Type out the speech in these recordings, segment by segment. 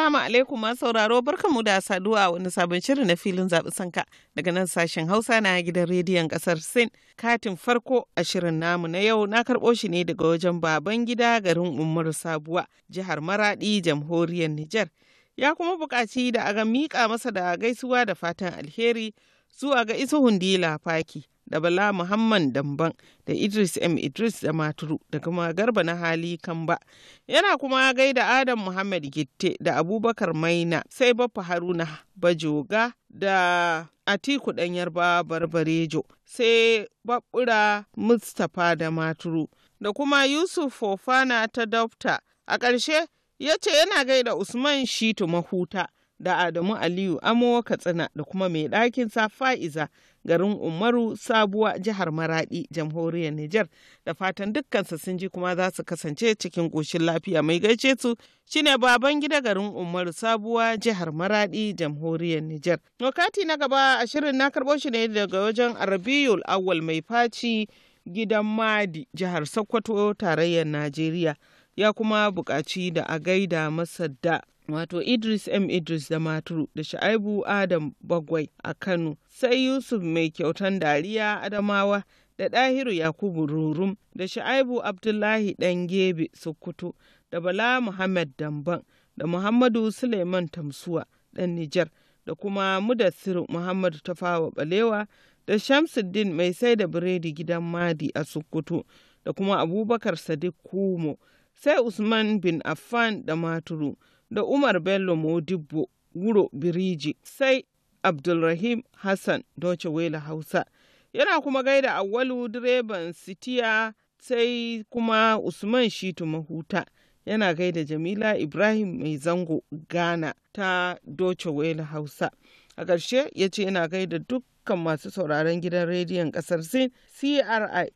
Assalamu alaikum masu sauraro barkanmu da saduwa wani sabon shirin na filin zaɓi sanka daga nan sashen Hausa na gidan rediyon ƙasar Sin. Katin farko a shirin namu na yau na karɓo shi ne daga wajen baban gida garin umar Sabuwa, jihar Maraɗi, jamhuriyar Nijar. Ya kuma buƙaci da aga miƙa masa da gaisuwa da fatan alheri zuwa ga Isuhun Dila Faki da Bala Muhammad Damban da Idris M. Idris da Maturu da kuma Garba na hali Kamba. Yana kuma gaida Adam Muhammad Gitte da Abubakar Maina sai Baffa Haruna Bajoga da Atiku ɗan Yarba Barbarejo sai babura Mustapha da Maturu da kuma Yusuf Fofana ta Dafta. A ƙarshe ya ce yana gaida Usman Shitu Mahuta da Adamu Aliyu Amo Katsina da kuma mai ɗakin sa Fa'iza garin Umaru Sabuwa jihar Maradi jamhuriyar niger da fatan dukkansa sun ji kuma za su kasance cikin ƙoshin lafiya mai gaishe su shine baban gida garin Umaru Sabuwa jihar Maradi jamhuriyar niger. Nokati na gaba a shirin na karɓo shi ne daga wajen Arabiyul Awal mai faci gidan Madi jihar Sokoto tarayyar Najeriya ya kuma bukaci da a gaida masa da wato Idris M. Idris da Maturu da Sha'aibu Adam Bagwai a Kano, sai Yusuf mai kyautan dariya Adamawa da Ɗahiru Yakubu Rurum da Sha'aibu Abdullahi gebe Sokoto da Bala Muhammad Damban da Muhammadu Suleiman Tamsuwa ɗan Nijar da kuma Mudassir Muhammadu Tafawa Balewa da Shamsuddin mai sai da biredi gidan Madi a Sokoto da kuma Abubakar Sadiq Kumo sai Usman bin Affan da Maturu. da Umar Bello Modibbo Wuro Biriji sai Abdulrahim Hassan Doce Wela Hausa. Yana kuma gaida Awwalu direban Sitiya sai kuma Usman Shitu Mahuta. Yana gaida Jamila Ibrahim Mai Zango Ghana ta Doce Wela Hausa. A ƙarshe ya ce yana gaida duk dukkan masu sauraron gidan rediyon kasar sin cri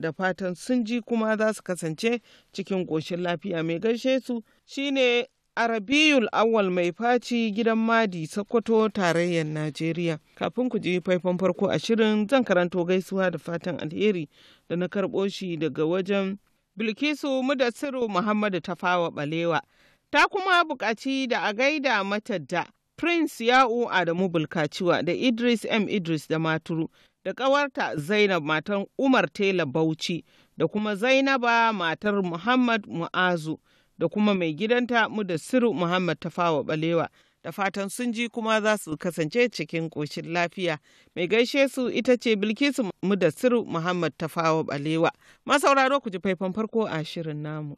da fatan sun ji kuma za su kasance cikin ƙoshin lafiya mai gaishe su shine a Rabiul Awal mai faci gidan Madi Sokoto tarayyar Najeriya. Kafin ku ji faifan farko a shirin zan karanto gaisuwa da fatan alheri da na karɓo shi daga wajen Bilkisu Mudassiru Muhammadu Tafawa Balewa. Ta kuma buƙaci da a gaida mata da Prince Ya'u Adamu Bulkaciwa da Idris M. Idris da Maturu da ƙawarta Zainab matan Umar Tela Bauchi da kuma Zainaba matar Muhammad Mu'azu. da kuma mai gidanta mu da siru Muhammad Tafawa Balewa. Da fatan sun ji kuma za su kasance cikin ƙoshin lafiya. Mai gaishe su ita ce Bilkisu mu da siru Muhammad Tafawa Balewa. Masauraro ku ji faifan farko a shirin namu.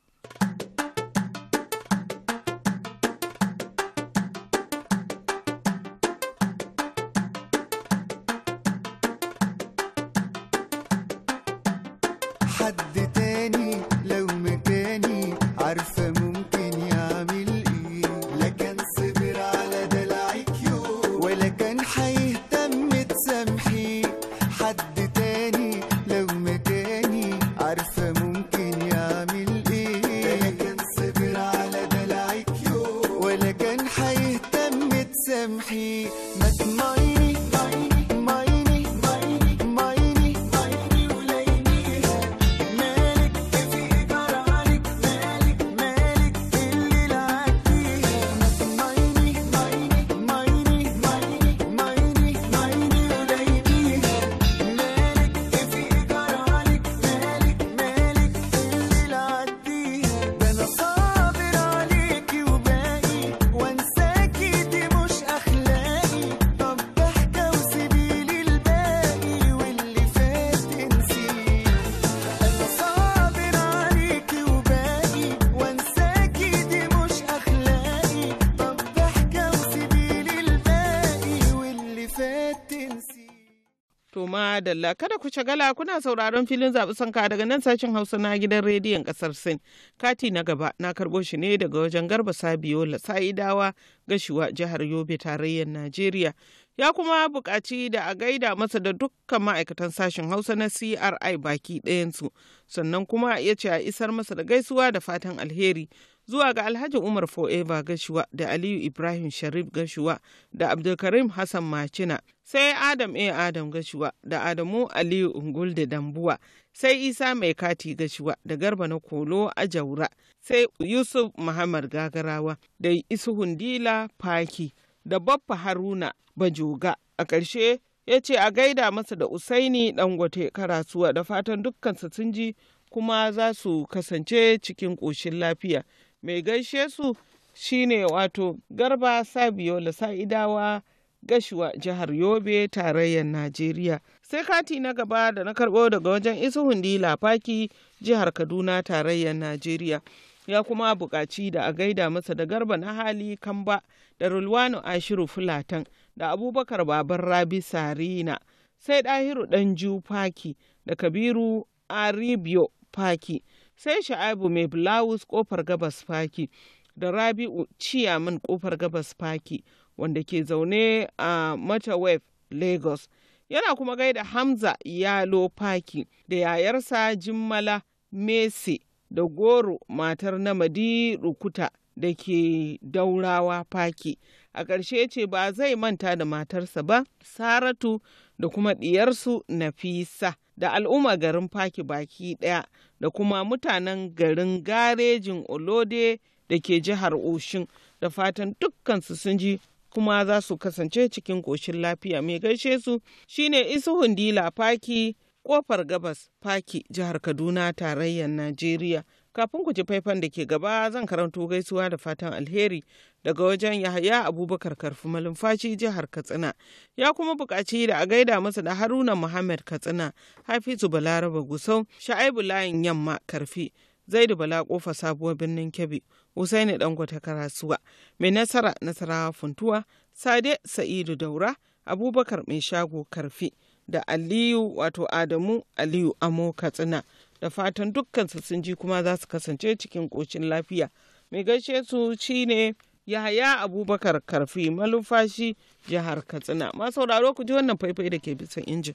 madalla kada ku shagala kuna sauraron filin zaɓi sanka daga nan sashen hausa na gidan rediyon ƙasar sin kati na gaba na karɓo shi ne daga wajen garba sabiyo sa'idawa gashiwa jihar yobe tarayyar najeriya ya kuma buƙaci da a gaida masa da dukkan ma'aikatan sashen hausa na cri baki ɗayansu sannan kuma ya ce a isar masa da gaisuwa da fatan alheri zuwa ga alhaji umar forever gashuwa da aliyu ibrahim sharif gashuwa da abdulkarim hassan macina sai Adam A. Eh, Adam Gashuwa da Adamu Aliyu Ungul da Dambuwa, sai Isa Mai Kati Gashuwa da Garba na Kolo a Jaura, sai Yusuf Muhammad Gagarawa da Isuhun Dila Faki da Baffa Haruna Bajoga. A ƙarshe ya ce a gaida masa da Usaini Dangote Karasuwa da fatan dukkansa sun ji kuma za su kasance cikin ƙoshin lafiya. Mai gaishe su shine wato Garba Sabiola Sa'idawa. gashuwa jihar yobe tarayyar najeriya sai kati na gaba da na karɓo daga wajen hundi lafaki jihar kaduna tarayyar najeriya ya kuma buƙaci da a gaida masa da garba na hali kamba da rulwano ashiru fulatan da abubakar Babar rabi sarina sai ɗahiru ɗanju faki da kabiru aribio faki sai sha'abu mai bulawus kofar gabas faki da rabi'u ciyaman kofar gabas faki wanda ke zaune a mata web lagos yana kuma gaida hamza yalo Paki da yayarsa jimmala mese da goro matar namadi rukuta da ke daurawa Paki. a ƙarshe ce ba zai manta da matarsa ba saratu da kuma ɗiyarsu nafisa da al'umma garin faki baki ɗaya da kuma mutanen garin garejin olode da ke jihar oshin da fatan dukkansu sun ji kuma za su kasance cikin ƙoshin lafiya mai gaishe su shine isuhun dila faki kofar gabas faki jihar kaduna tarayyar najeriya kafin ku ji faifan da ke gaba zan karanto gaisuwa da fatan alheri daga wajen yahaya abubakar karfi malumfashi jihar katsina ya kuma bukaci da a gaida masa da haruna muhammad katsina hafizu balaraba gusau sha'aibu layin yamma karfi Zaidu Bala kofa sabuwar birnin Kebbi, Usaini Dangote Karasuwa, Mai Nasara Nasarawa Funtuwa, Sade Sa'idu Daura, Abubakar Mai Shago Karfi da Aliyu wato Adamu Aliyu Amo Katsina. Da fatan dukkan sun ji kuma za su kasance cikin ƙoshin lafiya. Mai gaishe su shine Yahaya Abubakar Karfi malumfashi jihar Katsina. sauraro ku ji wannan faifai da ke bisan injin.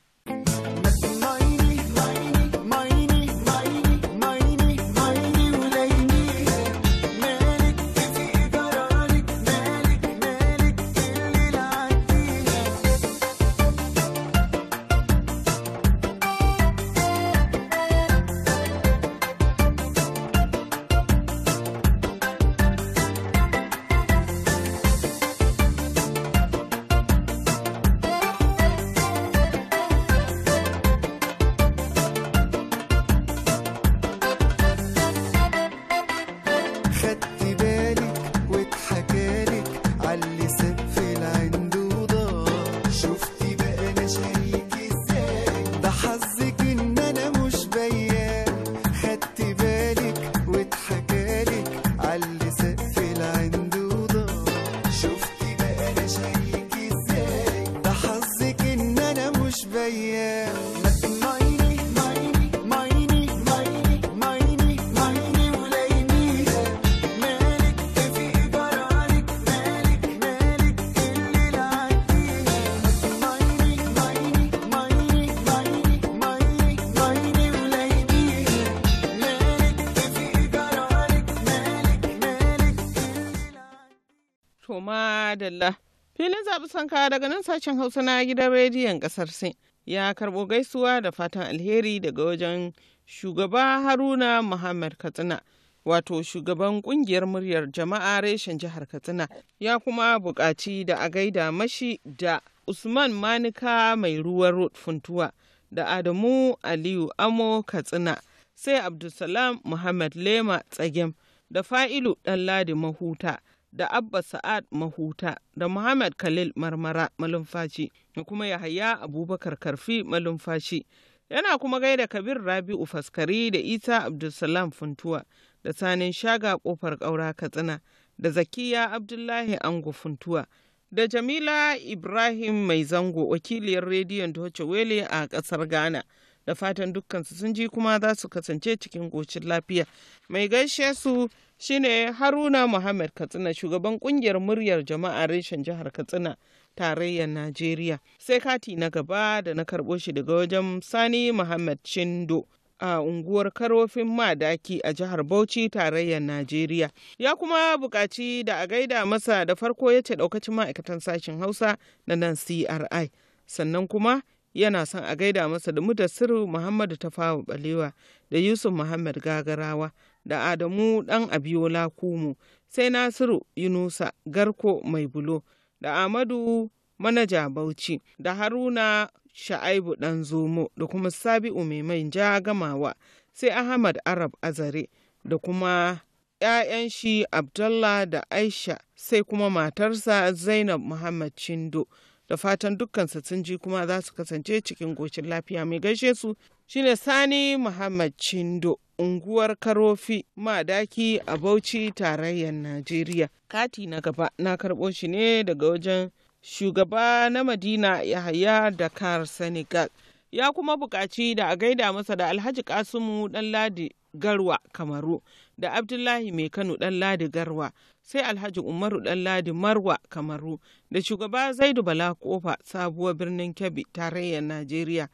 Rabi Sanka daga nan sashen Hausa na gidan rediyon kasar Sin ya karbo gaisuwa da fatan alheri daga wajen shugaba Haruna Muhammad Katsina. Wato shugaban kungiyar muryar jama'a reshen jihar Katsina ya kuma buƙaci da a gaida mashi da Usman Manika mai ruwan Road Funtuwa da Adamu Aliyu Amo Katsina sai Abdulsalam Muhammad Lema Tsagem da Fa'ilu ladi Mahuta. da Abba Sa'ad Mahuta da Muhammad Khalil Marmara malumfashi da kuma Yahaya Abubakar Karfi malumfashi. Yana kuma gaida Kabir Rabi'u Faskari da Isa Abdulsalam Funtuwa da Sanin Shaga Kofar Ƙaura Katsina da Zakiya Abdullahi Ango Funtuwa da Jamila Ibrahim Mai Zango wakiliyar rediyon Deutsche Welle a ƙasar Ghana. Da fatan dukkansu sun ji kuma za su kasance cikin gocin lafiya. Mai gaishe su shine Haruna Muhammad Katsina shugaban kungiyar muryar jama'a reshen jihar Katsina tarayyar Najeriya. Sai kati na gaba da na karɓo shi daga wajen Sani Muhammad Shindo a unguwar Karofin Madaki a jihar Bauchi tarayyar Najeriya. Ya kuma buƙaci da a gaida masa da farko ya ce ɗaukacin ma'aikatan sashen Hausa na nan CRI. Sannan kuma yana son a gaida masa da Mudassiru Muhammadu Tafawa Balewa da Yusuf Muhammad Gagarawa da Adamu ɗan Abiola Kumu, sai Nasiru Yunusa Garko Mai Bulo, da Amadu Manaja Bauchi, da Haruna Sha'aibu Ɗan Zomo, da kuma Sabi'u Mai ja Gamawa, sai Ahmad Arab Azare, da kuma ‘ya'yan shi Abdullah da Aisha, sai kuma matarsa Zainab Muhammad Chindo. Da fatan dukkan sun ji kuma za su kasance cikin goshin lafiya mai gaishe su shine Sani Muhammad Chindo. unguwar karofi madaki a bauchi tarayyar najeriya kati na gaba na karɓo shi ne daga wajen shugaba na madina yahaya dakar senegal ya kuma buƙaci da a gaida masa da alhaji kasumu dan ladi garwa kamaru da abdullahi mai kano dan ladi garwa sai alhaji umaru dan ladi marwa kamaru da shugaba zaidu bala kofa sabuwar birnin kebbi tarayyar najeriya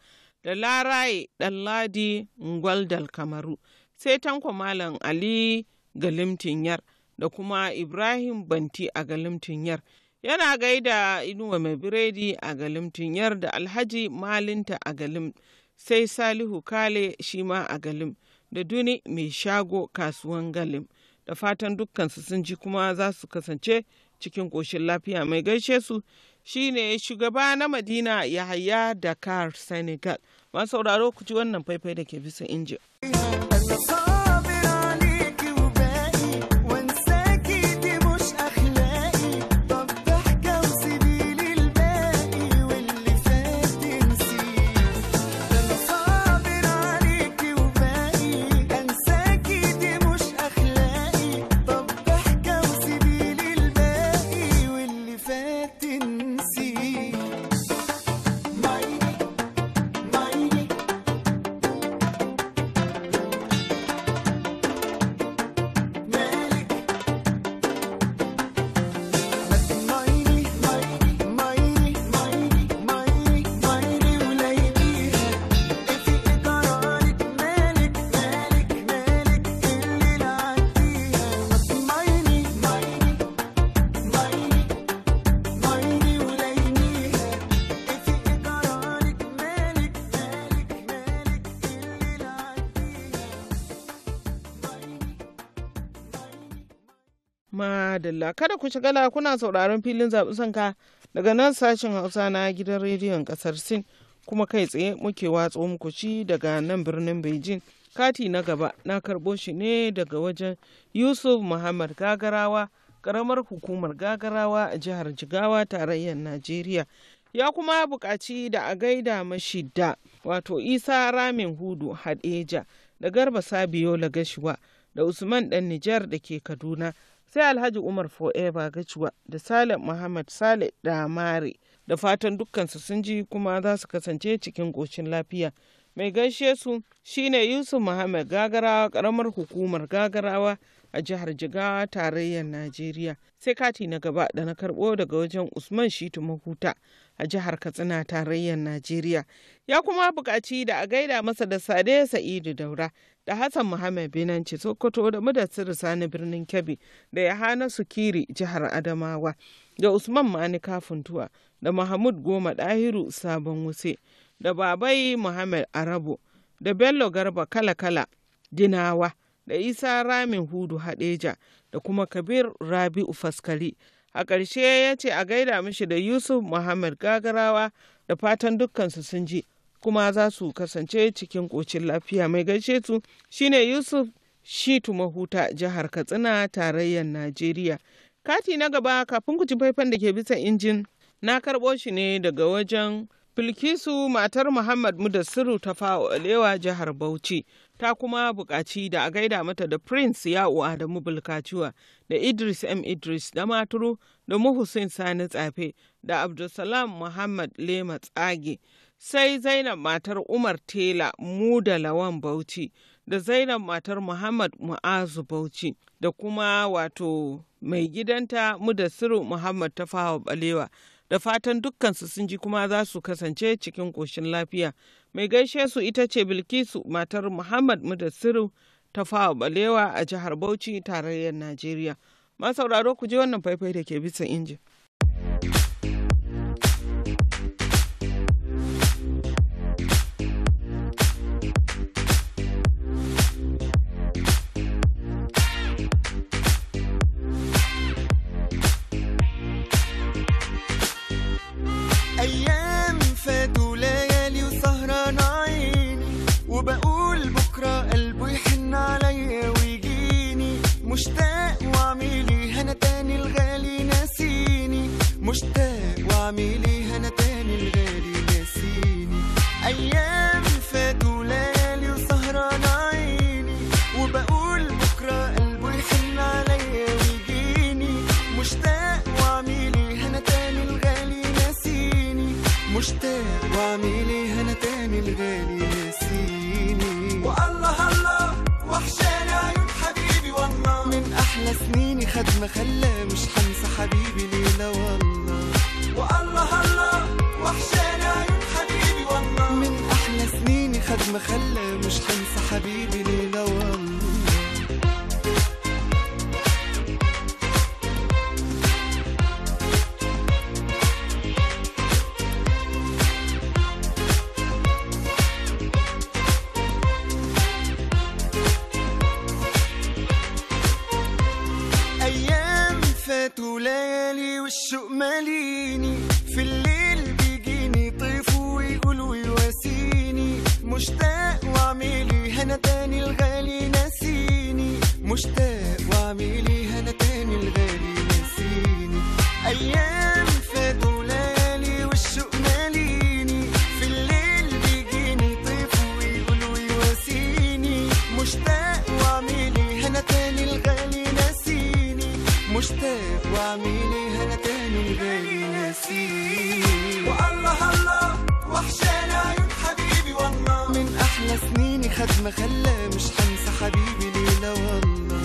da laraye dan ladi ngwaldal kamaru sai tanko malam ali galimtinyar da kuma ibrahim banti a galimtinyar yana gaida inuwa mai biredi a galimtinyar da alhaji malinta a galim sai salihu kale shi ma a galim da duni mai shago kasuwan galim da fatan dukkansu sun ji kuma za su kasance cikin ƙoshin lafiya mai gaishe su shine shugaba na Madina Yahaya Dakar Senegal. Masu sauraro ku ji wannan faifai da ke bisa injin. madalla kada ku shigala kuna sauraron filin zaɓi sanka daga nan sashen hausa na gidan rediyon ƙasar sin kuma kai tsaye muke watso muku shi daga nan birnin beijing kati na gaba na karɓo shi ne daga wajen yusuf muhammad gagarawa karamar hukumar gagarawa a jihar jigawa tarayyar najeriya ya kuma bukaci da a gaida mashi wato isa ramin hudu hadeja da garba sabiyo lagashiwa da usman dan nijar da ke kaduna sai alhaji umar forever gacuwa da saleh muhammad saleh damare da fatan dukkansu sun ji kuma za su kasance cikin ƙoshin lafiya mai gaishe su shine yusuf muhammad gagarawa karamar hukumar gagarawa a jihar jigawa tarayyar najeriya sai kati na gaba da na karbo daga wajen usman shitu mahuta a jihar katsina tarayyar najeriya ya kuma buƙaci da a gaida masa da sade sa'idu daura da Hassan Muhammad Binanci Sokoto da Mudassir Sani birnin Kebbi da Yahana Sukiri jihar Adamawa da Usman Mani Kafuntuwa da Mahmud Goma Dahiru Sabon Wuse da Babai Muhammad Arabo da Bello Garba Kala Kala Dinawa da Isa Ramin Hudu Hadeja da kuma Kabir Rabi'u Faskari. A ƙarshe ya ce a gaida mishi da Yusuf Muhammad Gagarawa da fatan dukkansu sun ji. kuma za su kasance cikin ƙocin lafiya mai gaishe su shine yusuf shitu mahuta jihar katsina tarayyar najeriya kati na gaba kafin ku ci faifan da ke bisa injin na karɓo shi ne daga wajen filkisu matar muhammad mudassiru ta fawo alewa jihar bauchi ta kuma buƙaci da a gaida mata da prince ya'u adamu bulkaciwa da idris m idris da maturu da Muhusin sani tsafe da abdulsalam muhammad lema tsage sai Zainab matar Umar Tela mu da Lawan Bauchi da Zainab matar Muhammad Mu'azu Bauchi da kuma wato mai gidanta Mudassiru Muhammad Tafawa Balewa da fatan dukkansu sun ji kuma za su kasance cikin koshin lafiya. Mai gaishe su ita ce Bilkisu matar Muhammad Mudassiru Tafawa Balewa a jihar Bauchi tarayyar Najeriya. Masauraro ku ji wannan faifai da ke bisa injin. مشتاق واعملي هنا تاني الغالي ناسيني ايام فاتوا ليالي وسهران عيني وبقول بكره قلبه يحن عليا ويجيني مشتاق واعملي هنا تاني الغالي ناسيني مشتاق واعملي هنا تاني الغالي ناسيني والله الله وحشاني عيون حبيبي والله من احلى سنيني خد ما خلى مش حنسى حبيبي خلى سنيني ما خلى مش حنسى حبيبي ليلى والله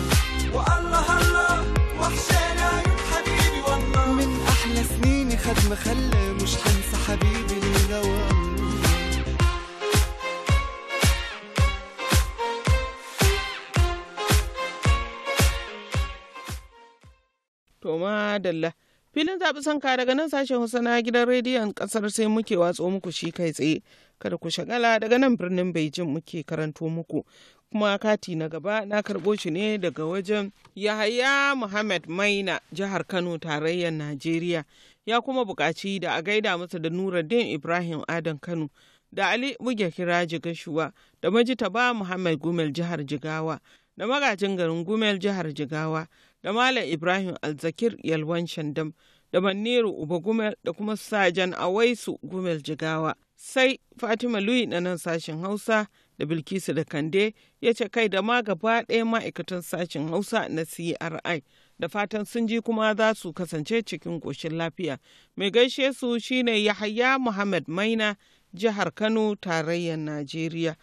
والله الله وحشانا عيون حبيبي والله من أحلى سنيني ما خلى مش حنسى حبيبي ليلى والله To madalla filin zaɓi sanka daga nan sashen hausa na gidan rediyon ƙasar sai muke watsa muku shi kai tsaye kada ku shagala daga nan birnin beijing muke karanto muku kuma kati na gaba na karɓo shi ne daga wajen yahaya muhammad maina jihar kano tarayyar najeriya ya kuma buƙaci da a gaida masa da nuruddin ibrahim adam kano da ali buge Jigashuwa gashuwa da majitaba muhammad gumel jihar jigawa da magajin garin Gumel jihar Jigawa da Malam Ibrahim Alzakir Yalwan Shandam da Manniru Uba Gumel da kuma Sajan Awaisu Gumel Jigawa. Sai Fatima Lui na nan sashen Hausa da Bilkisu da Kande ya ce kai da ma gaba ɗaya ma'aikatan sashen Hausa na CRI. Da fatan sun ji kuma za su kasance cikin ƙoshin lafiya. Mai gaishe su shine Yahaya Muhammad Maina, jihar Kano, tarayyar Najeriya.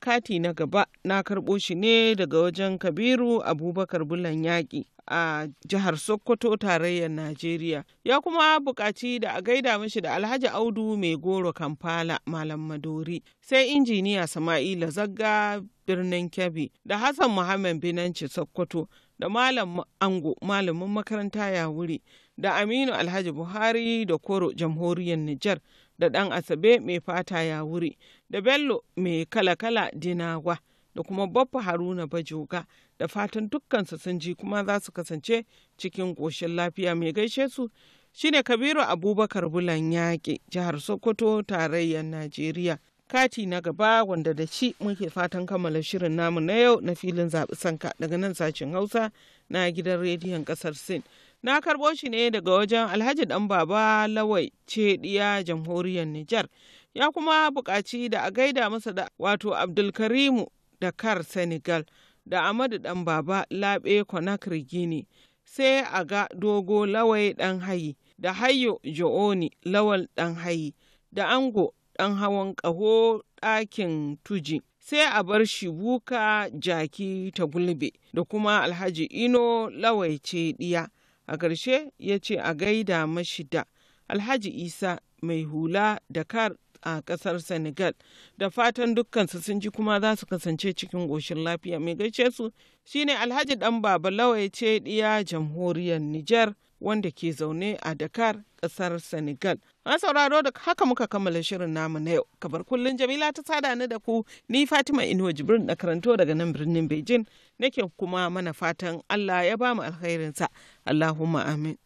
kati na gaba na karɓo shi ne daga wajen kabiru abubakar bulan yaƙi a jihar sokoto tarayyar najeriya ya kuma buƙaci da a gaida mashi da alhaji audu mai goro kamfala malam madori sai injiniya sama'ila zagga birnin kebbi da hassan muhammad binanci sokoto da malam ango malamin makaranta ya wuri da aminu alhaji buhari da koro jamhuriyar nijar da ɗan asabe mai fata ya wuri da bello mai kala-kala dinagwa da kuma baffa haruna bajoga da fatan dukkansu sun ji kuma za su kasance cikin ƙoshin lafiya mai gaishe su shine kabiru abubakar bulan yaƙi jihar sokoto tarayyar najeriya kati na gaba wanda da shi muke fatan kammala shirin namu na yau na filin zaɓi sanka daga nan sashen hausa na gidan rediyon ƙasar sin na karɓo shi ne daga wajen alhaji ɗan baba lawai ce ɗiya jamhuriyar Nijar ya kuma buƙaci da a gaida masa da wato Abdulkarimu Dakar Senegal da Amadu ɗan baba Labe Conakry Gini sai a ga dogo lawai ɗan hayi da hayo Jo'oni lawal ɗan hayi da ango ɗan hawan ƙaho ɗakin tuji. sai a bar shi buka jaki ta gulbe da kuma alhaji ino lawaice ɗiya a ƙarshe ya ce a gaida mashi da alhaji isa mai hula da kar a ƙasar senegal da fatan dukkansu sun ji kuma za su kasance cikin ƙoshin lafiya mai gaishe su shine alhaji dan baba lawa ya ce ɗiya jamhuriyar niger wanda ke zaune a Dakar kasar Senegal. An sauraro da haka muka kammala shirin namu na yau. Kabar kullum Jamila ta sada ni da ku ni Fatima Inuwa Jibrin na karanto daga nan birnin Beijing nake kuma mana fatan Allah ya ba mu alkhairinsa. Allahumma amin.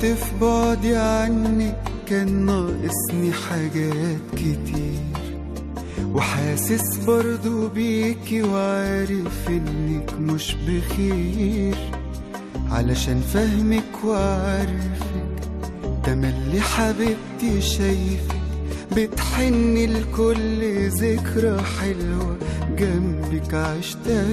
كنت في بعدي عنك كان ناقصني حاجات كتير وحاسس برضو بيكي وعارف انك مش بخير علشان فهمك وعارفك تملي حبيبتي شايفك بتحن لكل ذكرى حلوة جنبك عشتها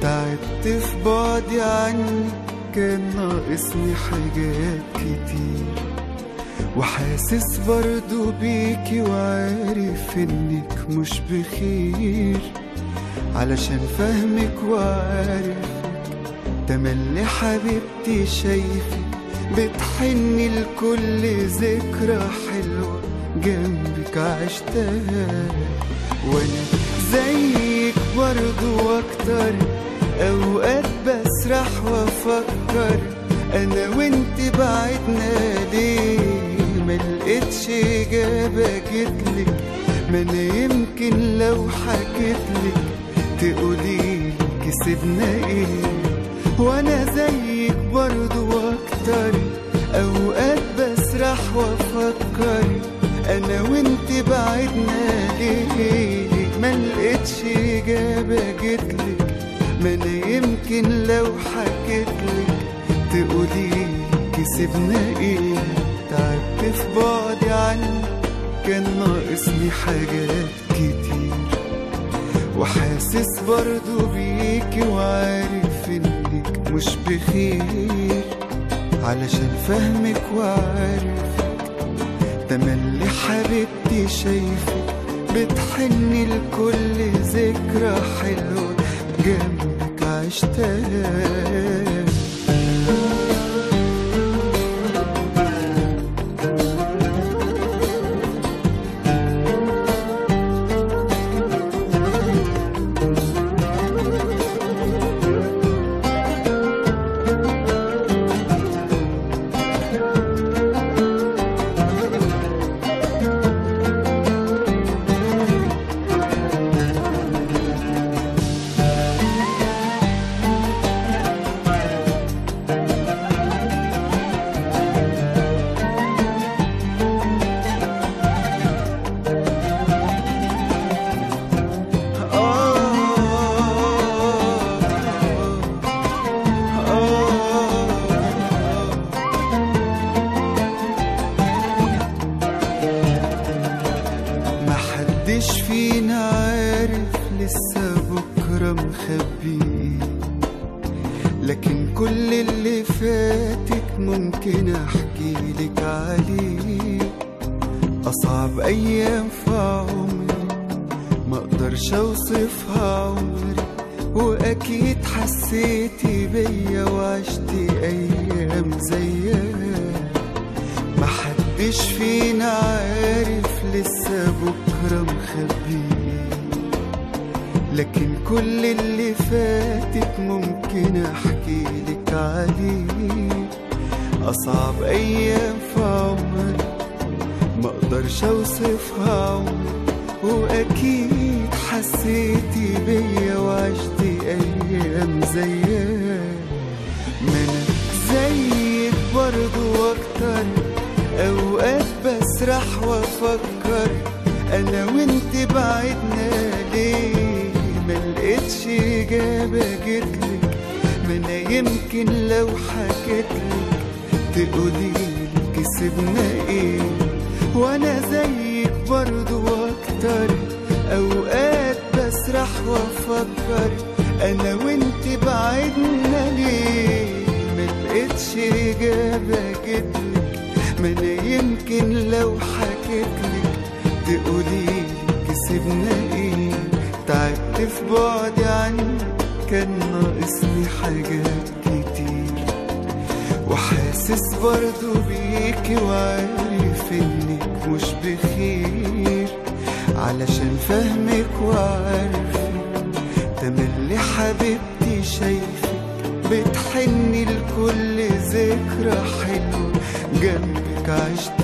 تعبت في بعدي عنك كان ناقصني حاجات كتير وحاسس برضو بيكي وعارف انك مش بخير علشان فاهمك وعارف تملي حبيبتي شايفك بتحني لكل ذكرى حلوة جنبك عشتها وانا زيك برضو اكتر اوقات بسرح وافكر انا وانت بعدنا ليه ملقتش اجابه جتلك ما انا يمكن لو حكيتلك تقولي كسبنا ايه وانا زيك برضو اكتر اوقات بسرح وافكر انا وانت بعدنا ليه ما لقيتش اجابه جتلك ما انا يمكن لو حكيتلك تقولي كسبنا ايه تعبت في بعدي عنك كان ناقصني حاجات كتير وحاسس برضو بيكي وعارف انك مش بخير علشان فهمك وعارف تملي حبيبتي شايفك بتحني لكل ذكرى حلوة جميلة ateşte احكي لك علي اصعب ايام في عمري ما اقدرش اوصفها عمري واكيد حسيتي بيا وعشتي ايام زيها ما حدش فينا عارف لسه بكره مخبي لكن كل اللي فاتت ممكن احكي لك عليه أصعب أيام في عمري ما أقدرش أوصفها عمري وأكيد حسيتي بيا وعشتي أيام زيها ما أنا زيك برضه أكتر أوقات بسرح وأفكر أنا وأنت بعدنا ليه ملقتش إجابة جتلك ما أنا يمكن لو حكيتلك تقولي كسبنا ايه وانا زيك برضو اكتر اوقات بسرح وافكر انا وانت بعدنا ليه ملقتش اجابه جدلك ما انا يمكن لو حكيتلك تقولي كسبنا ايه تعبت في بعدي عنك كان ناقصني حاجات وحاسس برضو بيكي وعارف انك مش بخير علشان فاهمك وعارفك تملي حبيبتي شايفك بتحني لكل ذكرى حلوة جنبك عشتها